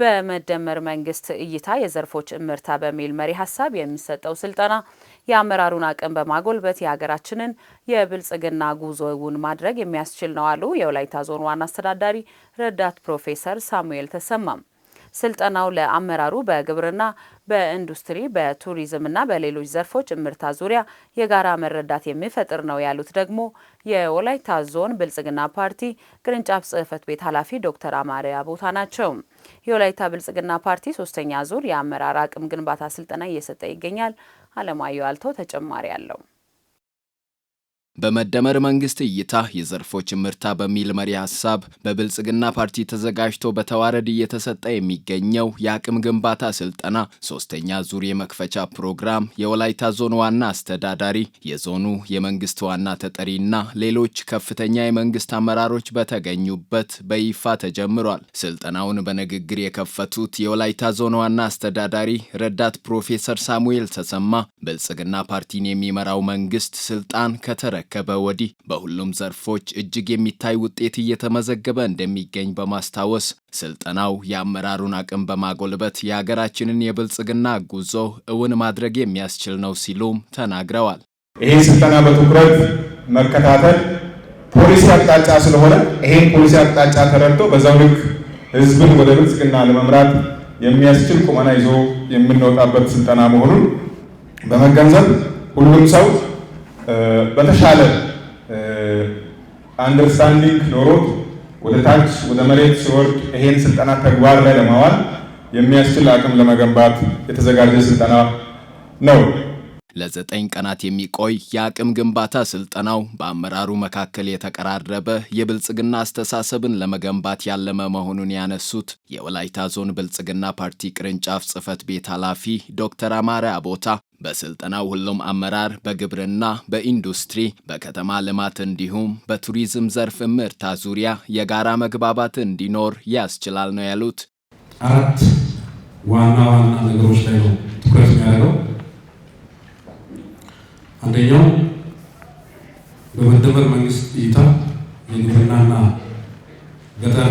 በመደመር መንግስት እይታ የዘርፎች እምርታ በሚል መሪ ሀሳብ የሚሰጠው ስልጠና የአመራሩን አቅም በማጎልበት የሀገራችንን የብልጽግና ጉዞውን ማድረግ የሚያስችል ነው አሉ የወላይታ ዞን ዋና አስተዳዳሪ ረዳት ፕሮፌሰር ሳሙኤል ተሰማም። ስልጠናው ለአመራሩ በግብርና፣ በኢንዱስትሪ፣ በቱሪዝምና በሌሎች ዘርፎች እምርታ ዙሪያ የጋራ መረዳት የሚፈጥር ነው ያሉት ደግሞ የወላይታ ዞን ብልጽግና ፓርቲ ቅርንጫፍ ጽህፈት ቤት ኃላፊ ዶክተር አማሪያ ቦታ ናቸው። የወላይታ ብልጽግና ፓርቲ ሶስተኛ ዙር የአመራር አቅም ግንባታ ስልጠና እየሰጠ ይገኛል። አለማየሁ አልተው ተጨማሪ አለው። በመደመር መንግስት እይታ የዘርፎች ምርታ በሚል መሪ ሀሳብ በብልጽግና ፓርቲ ተዘጋጅቶ በተዋረድ እየተሰጠ የሚገኘው የአቅም ግንባታ ስልጠና ሶስተኛ ዙር የመክፈቻ ፕሮግራም የወላይታ ዞን ዋና አስተዳዳሪ፣ የዞኑ የመንግስት ዋና ተጠሪና ሌሎች ከፍተኛ የመንግስት አመራሮች በተገኙበት በይፋ ተጀምሯል። ስልጠናውን በንግግር የከፈቱት የወላይታ ዞን ዋና አስተዳዳሪ ረዳት ፕሮፌሰር ሳሙኤል ተሰማ ብልጽግና ፓርቲን የሚመራው መንግስት ስልጣን ከተረ ከተረከበ ወዲህ በሁሉም ዘርፎች እጅግ የሚታይ ውጤት እየተመዘገበ እንደሚገኝ በማስታወስ ስልጠናው የአመራሩን አቅም በማጎልበት የሀገራችንን የብልጽግና ጉዞ እውን ማድረግ የሚያስችል ነው ሲሉም ተናግረዋል። ይህ ስልጠና በትኩረት መከታተል ፖሊሲ አቅጣጫ ስለሆነ ይህን ፖሊሲ አቅጣጫ ተረድቶ በዛው ልክ ህዝብን ወደ ብልጽግና ለመምራት የሚያስችል ቁመና ይዞ የምንወጣበት ስልጠና መሆኑን በመገንዘብ ሁሉም ሰው በተሻለ አንደርስታንዲንግ ኖሮት ወደ ታች ወደ መሬት ሲወርድ ይሄን ስልጠና ተግባር ላይ ለማዋል የሚያስችል አቅም ለመገንባት የተዘጋጀ ስልጠና ነው። ለዘጠኝ ቀናት የሚቆይ የአቅም ግንባታ ስልጠናው በአመራሩ መካከል የተቀራረበ የብልጽግና አስተሳሰብን ለመገንባት ያለመ መሆኑን ያነሱት የወላይታ ዞን ብልጽግና ፓርቲ ቅርንጫፍ ጽህፈት ቤት ኃላፊ ዶክተር አማረ አቦታ በስልጠናው ሁሉም አመራር በግብርና፣ በኢንዱስትሪ፣ በከተማ ልማት እንዲሁም በቱሪዝም ዘርፍ ምርታ ዙሪያ የጋራ መግባባት እንዲኖር ያስችላል ነው ያሉት። አራት ዋና ዋና ነገሮች ላይ ነው ትኩረት የሚያደርገው። አንደኛው በመደመር መንግስት እይታ የግብርናና ገጠር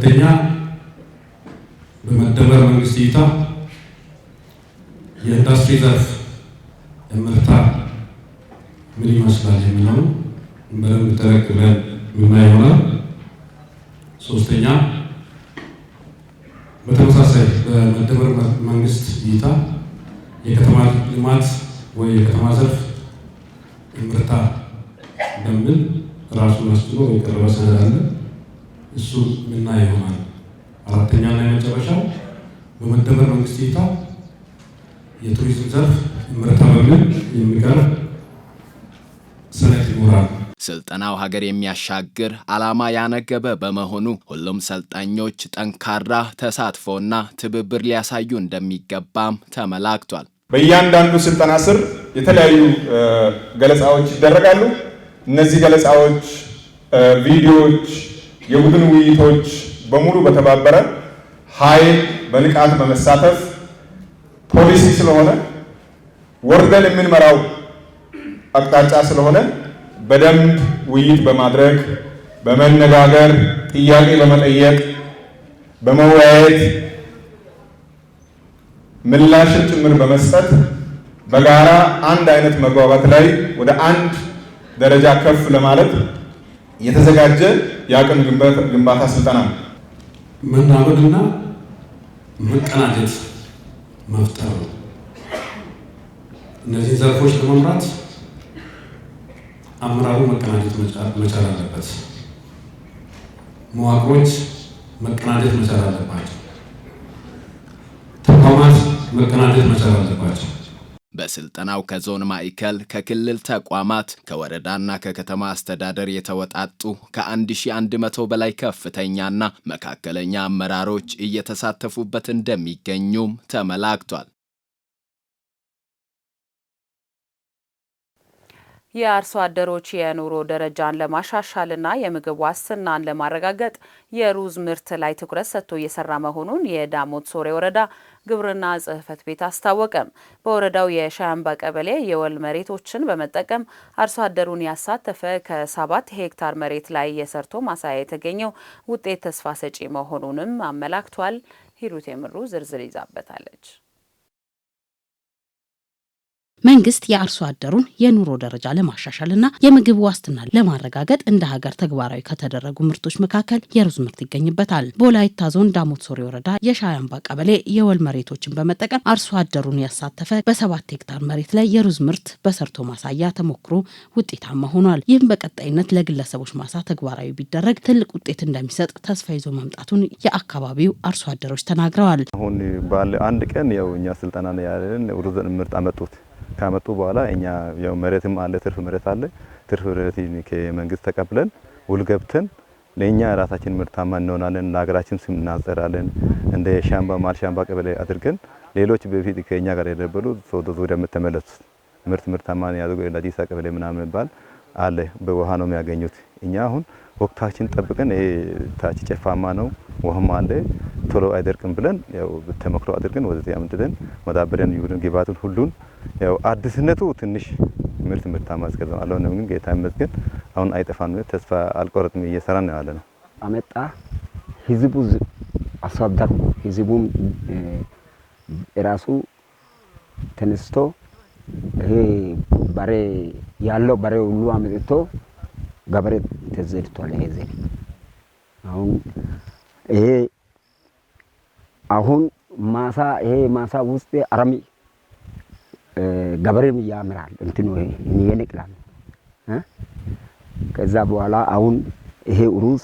ሁለተኛ በመደመር መንግስት እይታ የኢንዱስትሪ ዘርፍ እምርታ ምን ይመስላል የሚለው በደንብ ተረክ ብለን የምናይ ይሆናል። ሶስተኛ በተመሳሳይ በመደመር መንግስት እይታ የከተማ ልማት ወይ የከተማ ዘርፍ እምርታ በሚል ራሱን አስችሎ የቀረበ ሰነድ አለ። እሱ ምና ይሆናል። አራተኛና የመጨረሻው በመደመር መንግስት እይታ የቱሪዝም ዘርፍ እምርታ በሚል የሚቀርብ ሰነድ ይኖራል። ስልጠናው ሀገር የሚያሻግር ዓላማ ያነገበ በመሆኑ ሁሉም ሰልጣኞች ጠንካራ ተሳትፎና ትብብር ሊያሳዩ እንደሚገባም ተመላክቷል። በእያንዳንዱ ስልጠና ስር የተለያዩ ገለጻዎች ይደረጋሉ። እነዚህ ገለጻዎች፣ ቪዲዮዎች የቡድን ውይይቶች በሙሉ በተባበረ ኃይል በንቃት በመሳተፍ ፖሊሲ ስለሆነ ወርደን የምንመራው አቅጣጫ ስለሆነ በደንብ ውይይት በማድረግ በመነጋገር ጥያቄ በመጠየቅ በመወያየት ምላሽን ጭምር በመስጠት በጋራ አንድ አይነት መግባባት ላይ ወደ አንድ ደረጃ ከፍ ለማለት የተዘጋጀ የአቅም ግንባታ ስልጠና መናበብና መቀናጀት መፍጠር ነው። እነዚህ ዘርፎች ለመምራት አመራሩ መቀናጀት መቻል አለበት። መዋቅሮች መቀናጀት መቻል አለባቸው። ተቋማት መቀናጀት መቻል አለባቸው። በስልጠናው ከዞን ማዕከል፣ ከክልል ተቋማት፣ ከወረዳና ከከተማ አስተዳደር የተወጣጡ ከ1100 በላይ ከፍተኛና መካከለኛ አመራሮች እየተሳተፉበት እንደሚገኙም ተመላክቷል። የአርሶ አደሮች የኑሮ ደረጃን ለማሻሻልና የምግብ ዋስትናን ለማረጋገጥ የሩዝ ምርት ላይ ትኩረት ሰጥቶ እየሰራ መሆኑን የዳሞት ሶሬ ወረዳ ግብርና ጽሕፈት ቤት አስታወቀም። በወረዳው የሻያምባ ቀበሌ የወል መሬቶችን በመጠቀም አርሶ አደሩን ያሳተፈ ከሰባት ሄክታር መሬት ላይ የሰርቶ ማሳያ የተገኘው ውጤት ተስፋ ሰጪ መሆኑንም አመላክቷል። ሂሩት የምሩ ዝርዝር ይዛበታለች። መንግስት የአርሶ አደሩን የኑሮ ደረጃ ለማሻሻልና የምግብ ዋስትና ለማረጋገጥ እንደ ሀገር ተግባራዊ ከተደረጉ ምርቶች መካከል የሩዝ ምርት ይገኝበታል። በወላይታ ዞን ዳሞት ሶሪ ወረዳ የሻያምባ ቀበሌ የወል መሬቶችን በመጠቀም አርሶ አደሩን ያሳተፈ በሰባት ሄክታር መሬት ላይ የሩዝ ምርት በሰርቶ ማሳያ ተሞክሮ ውጤታማ ሆኗል። ይህም በቀጣይነት ለግለሰቦች ማሳ ተግባራዊ ቢደረግ ትልቅ ውጤት እንደሚሰጥ ተስፋ ይዞ መምጣቱን የአካባቢው አርሶ አደሮች ተናግረዋል። አሁን ባለ አንድ ቀን ያው እኛ ስልጠና ነው ያለን ሩዝን ምርት አመጡት ካመጡ በኋላ እኛ ያው መሬትም አለ ትርፍ መሬት አለ። ትርፍ መሬት ከመንግስት ተቀብለን ውል ገብተን ለእኛ ራሳችን ምርታማ እንሆናለን፣ ለሀገራችን ስም እናዘራለን። እንደ ሻምባ ማል ሻምባ ቀበሌ አድርገን ሌሎች በፊት ከኛ ጋር የደበሉ ሶዶ ዙሪያ የምትመለሱት ምርት ምርታማ ያደርገው የላጂሳ ቀበሌ ምናምን የሚባል አለ። በውሃ ነው የሚያገኙት። እኛ አሁን ወቅታችን ጠብቀን ይሄ ታች ጨፋማ ነው ውሃም አለ ቶሎ አይደርቅም ብለን ያው ተመክሮ አድርገን ወደዚህ አምጥተን መዳበሪያን ይሁን ግብአቱን ሁሉን ያው አዲስነቱ ትንሽ ምርት ምርታማ አስገዛም ነው ግን ጌታ ይመስገን አሁን አይጠፋም። ተስፋ አልቆረጥም፣ እየሰራን ነው ያለ ነው። አመጣ ህዝቡ አሳደሩ ህዝቡም ራሱ ተነስቶ ይሄ በሬ ያለው በሬ ሁሉ አመጥቶ ገበሬ ተዘድቷል። ይሄ ዘዴ አሁን ይሄ አሁን ማሳ ይሄ ማሳ ውስጥ አረም ገበሬም ያምራል እንትኑ ይነቅላል። ከዛ በኋላ አሁን ይሄ ሩዝ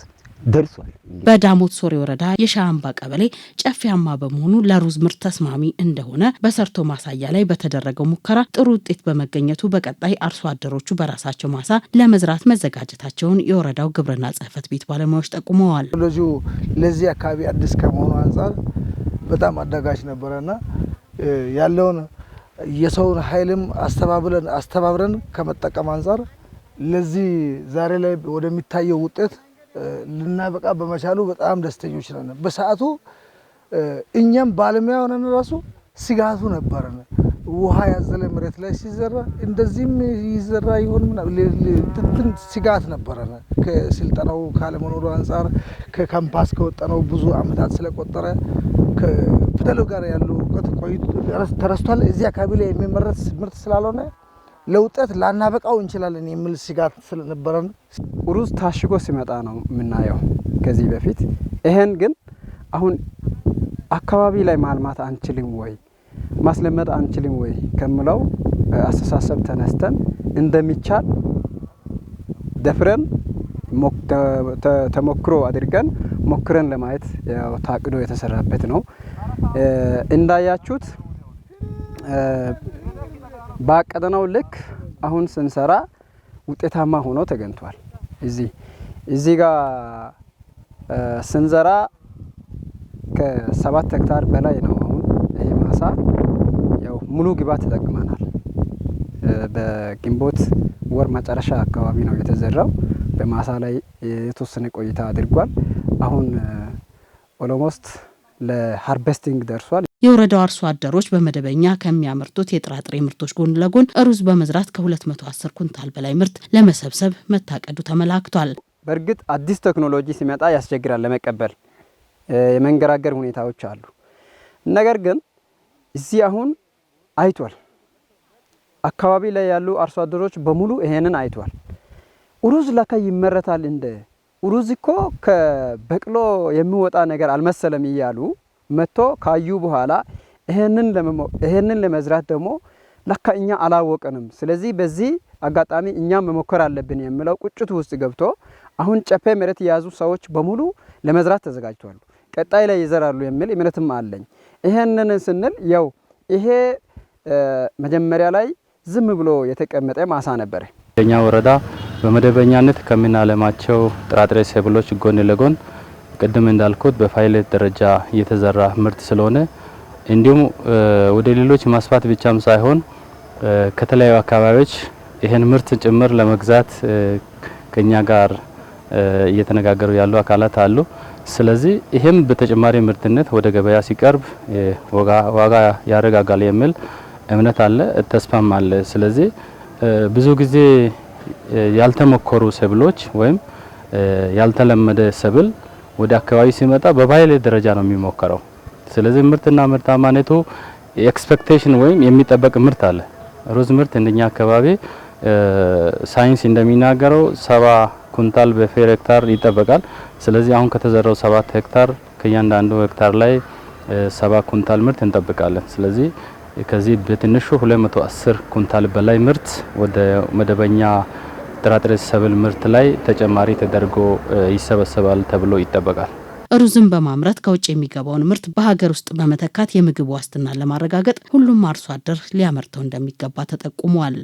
ደርሷል። በዳሞት ሶሬ ወረዳ የሻምባ ቀበሌ ጨፌያማ በመሆኑ ለሩዝ ምርት ተስማሚ እንደሆነ በሰርቶ ማሳያ ላይ በተደረገው ሙከራ ጥሩ ውጤት በመገኘቱ በቀጣይ አርሶ አደሮቹ በራሳቸው ማሳ ለመዝራት መዘጋጀታቸውን የወረዳው ግብርና ጽሕፈት ቤት ባለሙያዎች ጠቁመዋል። ለዚሁ ለዚህ አካባቢ አዲስ ከመሆኑ አንጻር በጣም አዳጋች ነበረ እና ያለውን የሰውን ኃይልም አስተባብለን አስተባብረን ከመጠቀም አንጻር ለዚህ ዛሬ ላይ ወደሚታየው ውጤት ልናበቃ በመቻሉ በጣም ደስተኞች ነን። በሰዓቱ እኛም ባለሙያ ሆነን ራሱ ስጋቱ ነበረን። ውሃ ያዘለ መሬት ላይ ሲዘራ እንደዚህም ይዘራ ይሆን እንትን ስጋት ነበረ ከስልጠናው ካለመኖሩ አንጻር ከካምፓስ ከወጠነው ብዙ አመታት ስለቆጠረ ከፊደሉ ጋር ያለው እውቀት ተረስቷል። እዚህ አካባቢ ላይ የሚመረት ምርት ስላልሆነ ለውጠት ላናበቃው እንችላለን የሚል ስጋት ስለነበረን ሩዝ ታሽጎ ሲመጣ ነው የምናየው ከዚህ በፊት። ይሄን ግን አሁን አካባቢ ላይ ማልማት አንችልም ወይ ማስለመድ አንችልም ወይ ከምለው አስተሳሰብ ተነስተን እንደሚቻል ደፍረን ተሞክሮ አድርገን ሞክረን ለማየት ያው ታቅዶ የተሰራበት ነው። እንዳያችሁት በአቀደነው ልክ አሁን ስንሰራ ውጤታማ ሆኖ ተገኝቷል። እዚህ እዚህ ጋር ስንዘራ ከሰባት ሄክታር በላይ ነው ስራ ያው ሙሉ ግብዓት ተጠቅመናል። በግንቦት ወር መጨረሻ አካባቢ ነው የተዘራው። በማሳ ላይ የተወሰነ ቆይታ አድርጓል። አሁን ኦሎሞስት ለሃርቨስቲንግ ደርሷል። የወረዳው አርሶ አደሮች በመደበኛ ከሚያመርቱት የጥራጥሬ ምርቶች ጎን ለጎን ሩዝ በመዝራት ከ210 ኩንታል በላይ ምርት ለመሰብሰብ መታቀዱ ተመላክቷል። በእርግጥ አዲስ ቴክኖሎጂ ሲመጣ ያስቸግራል ለመቀበል የመንገራገር ሁኔታዎች አሉ። ነገር ግን እዚህ አሁን አይቷል። አካባቢ ላይ ያሉ አርሶ አደሮች በሙሉ ይሄንን አይቷል። ኡሩዝ ለካ ይመረታል እንደ ኡሩዝ እኮ ከበቅሎ የሚወጣ ነገር አልመሰለም እያሉ መጥቶ ካዩ በኋላ ይሄንን ለመዝራት ደግሞ ለካ እኛ አላወቅንም፣ ስለዚህ በዚህ አጋጣሚ እኛ መሞከር አለብን የሚለው ቁጭቱ ውስጥ ገብቶ አሁን ጨፌ መሬት የያዙ ሰዎች በሙሉ ለመዝራት ተዘጋጅተዋል። ቀጣይ ላይ ይዘራሉ የሚል እምነትም አለኝ። ይሄንን ስንል ያው ይሄ መጀመሪያ ላይ ዝም ብሎ የተቀመጠ ማሳ ነበር። የኛ ወረዳ በመደበኛነት ከምናለማቸው ጥራጥሬ ሰብሎች ጎን ለጎን ቅድም እንዳልኩት በፓይለት ደረጃ የተዘራ ምርት ስለሆነ እንዲሁም ወደ ሌሎች ማስፋት ብቻም ሳይሆን ከተለያዩ አካባቢዎች ይህን ምርት ጭምር ለመግዛት ከኛ ጋር እየተነጋገሩ ያሉ አካላት አሉ። ስለዚህ ይሄም በተጨማሪ ምርትነት ወደ ገበያ ሲቀርብ ዋጋ ያረጋጋል የሚል እምነት አለ፣ ተስፋም አለ። ስለዚህ ብዙ ጊዜ ያልተሞከሩ ሰብሎች ወይም ያልተለመደ ሰብል ወደ አካባቢ ሲመጣ በፓይለት ደረጃ ነው የሚሞከረው። ስለዚህ ምርትና ምርታማነቱ ኤክስፔክቴሽን ወይም የሚጠበቅ ምርት አለ። ሩዝ ምርት እንደኛ አካባቢ ሳይንስ እንደሚናገረው ሰባ ኩንታል በፌር ሄክታር ይጠበቃል። ስለዚህ አሁን ከተዘራው ሰባት ሄክታር ከእያንዳንዱ ሄክታር ላይ ሰባ ኩንታል ምርት እንጠብቃለን። ስለዚህ ከዚህ በትንሹ 210 ኩንታል በላይ ምርት ወደ መደበኛ ጥራጥሬ ሰብል ምርት ላይ ተጨማሪ ተደርጎ ይሰበሰባል ተብሎ ይጠበቃል። ሩዝን በማምረት ከውጭ የሚገባውን ምርት በሀገር ውስጥ በመተካት የምግብ ዋስትናን ለማረጋገጥ ሁሉም አርሶ አደር ሊያመርተው እንደሚገባ ተጠቁሟል።